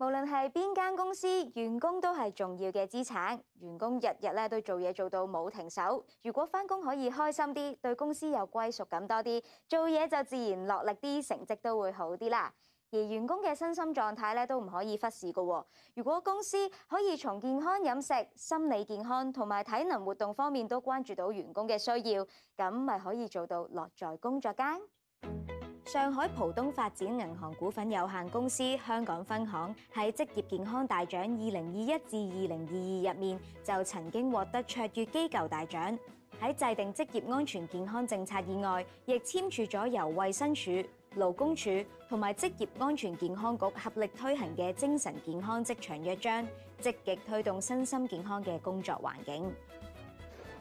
無論係邊間公司，員工都係重要嘅資產。員工日日咧都做嘢做到冇停手，如果返工可以開心啲，對公司有歸屬感多啲，做嘢就自然落力啲，成績都會好啲啦。而員工嘅身心狀態咧都唔可以忽視㗎。如果公司可以從健康飲食、心理健康同埋體能活動方面都關注到員工嘅需要，咁咪可以做到樂在工作間。上海浦東發展銀行股份有限公司香港分行喺職業健康大獎二零二一至二零二二入面就曾經獲得卓越機構大獎。喺制定職業安全健康政策以外，亦簽署咗由衛生署、勞工署同埋職業安全健康局合力推行嘅精神健康職場約章，積極推動身心健康嘅工作環境。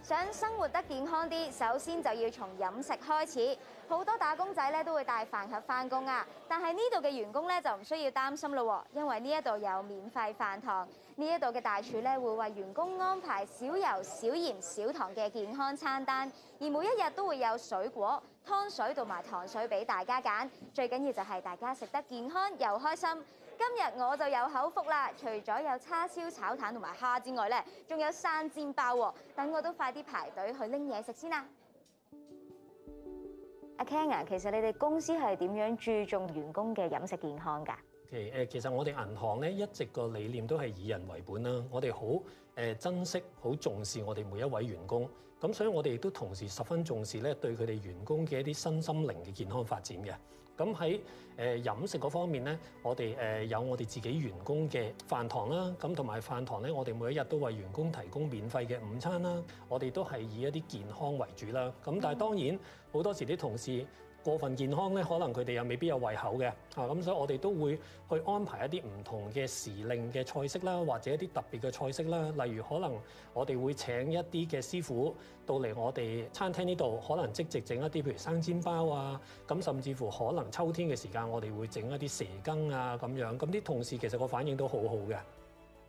想生活得健康啲，首先就要從飲食開始。好多打工仔咧都會帶飯盒返工啊，但係呢度嘅員工咧就唔需要擔心咯，因為呢一度有免費飯堂。呢一度嘅大廚咧，會為員工安排少油、少鹽、少糖嘅健康餐單，而每一日都會有水果、湯水同埋糖水俾大家揀。最緊要就係大家食得健康又開心。今日我就有口福啦！除咗有叉燒炒蛋同埋蝦之外咧，仲有生煎包喎。等我都快啲排隊去拎嘢食先啦。阿 Ken 啊，其實你哋公司係點樣注重員工嘅飲食健康㗎？其實我哋銀行咧一直個理念都係以人為本啦，我哋好誒珍惜、好重視我哋每一位員工，咁所以我哋亦都同時十分重視咧對佢哋員工嘅一啲身心靈嘅健康發展嘅。咁喺誒飲食嗰方面咧，我哋誒有我哋自己員工嘅飯堂啦，咁同埋飯堂咧，我哋每一日都為員工提供免費嘅午餐啦。我哋都係以一啲健康為主啦。咁但係當然好多時啲同事過分健康咧，可能佢哋又未必有胃口嘅，啊咁，所以我哋都會去安排一啲唔同嘅時令嘅菜式啦，或者一啲特別嘅菜式啦，例如可能我哋會請一啲嘅師傅到嚟我哋餐廳呢度，可能即席整一啲譬如生煎包啊，咁甚至乎可能秋天嘅時間，我哋會整一啲蛇羹啊咁樣，咁啲同事其實個反應都好好嘅。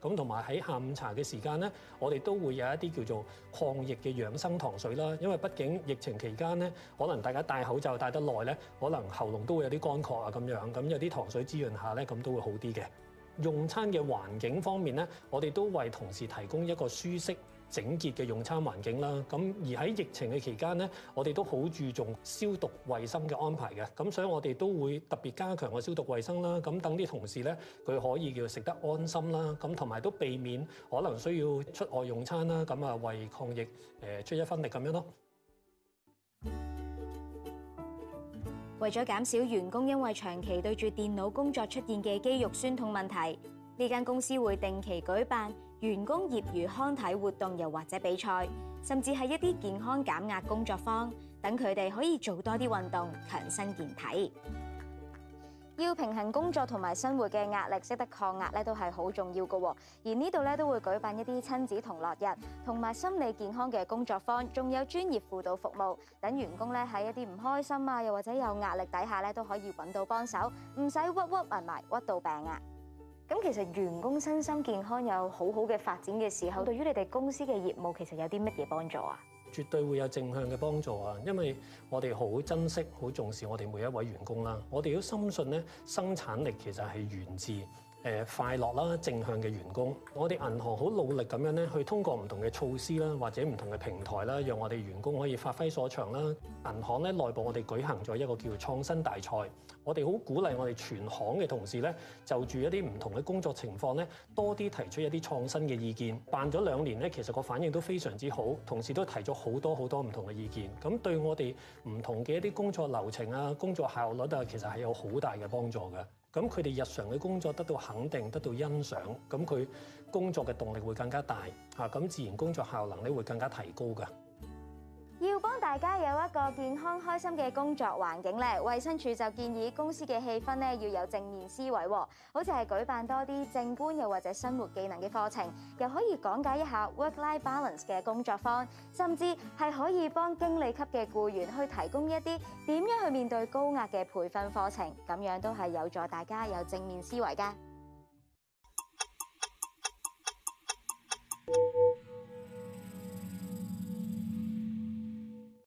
咁同埋喺下午茶嘅時間咧，我哋都會有一啲叫做抗疫嘅養生糖水啦。因為畢竟疫情期間咧，可能大家戴口罩戴得耐咧，可能喉嚨都會有啲乾渴啊咁樣。咁有啲糖水滋潤下咧，咁都會好啲嘅。用餐嘅環境方面咧，我哋都為同事提供一個舒適整潔嘅用餐環境啦，咁而喺疫情嘅期間咧，我哋都好注重消毒衞生嘅安排嘅，咁所以我哋都會特別加強個消毒衞生啦，咁等啲同事咧，佢可以叫食得安心啦，咁同埋都避免可能需要出外用餐啦，咁，啊為抗疫，誒出一分力咁樣咯。為咗減少員工因為長期對住電腦工作出現嘅肌肉酸痛問題，呢間公司會定期舉辦員工業餘康體活動，又或者比賽，甚至係一啲健康減壓工作坊，等佢哋可以做多啲運動，強身健體。要平衡工作同埋生活嘅壓力，識得抗壓咧，都係好重要嘅。而呢度咧都會舉辦一啲親子同樂日，同埋心理健康嘅工作坊，仲有專業輔導服務，等員工咧喺一啲唔開心啊，又或者有壓力底下咧，都可以揾到幫手，唔使屈屈埋埋，屈到病啊！咁其實員工身心健康有好好嘅發展嘅時候，對於你哋公司嘅業務其實有啲乜嘢幫助啊？絕對會有正向嘅幫助啊！因為我哋好珍惜、好重視我哋每一位員工啦。我哋都深信咧，生產力其實係源自，誒快樂啦，正向嘅員工，我哋銀行好努力咁樣咧，去通過唔同嘅措施啦，或者唔同嘅平台啦，讓我哋員工可以發揮所長啦。銀行咧內部，我哋舉行咗一個叫創新大賽，我哋好鼓勵我哋全行嘅同事咧，就住一啲唔同嘅工作情況咧，多啲提出一啲創新嘅意見。辦咗兩年咧，其實個反應都非常之好，同事都提咗好多好多唔同嘅意見，咁對我哋唔同嘅一啲工作流程啊、工作效率啊，其實係有好大嘅幫助嘅。咁佢哋日常嘅工作得到肯定，得到欣賞，咁佢工作嘅動力會更加大，嚇咁自然工作效能咧會更加提高嘅。大家有一個健康開心嘅工作環境咧，衛生署就建議公司嘅氣氛咧要有正面思維，好似係舉辦多啲正觀又或者生活技能嘅課程，又可以講解一下 work-life balance 嘅工作坊，甚至係可以幫經理級嘅僱員去提供一啲點樣去面對高壓嘅培訓課程，咁樣都係有助大家有正面思維㗎。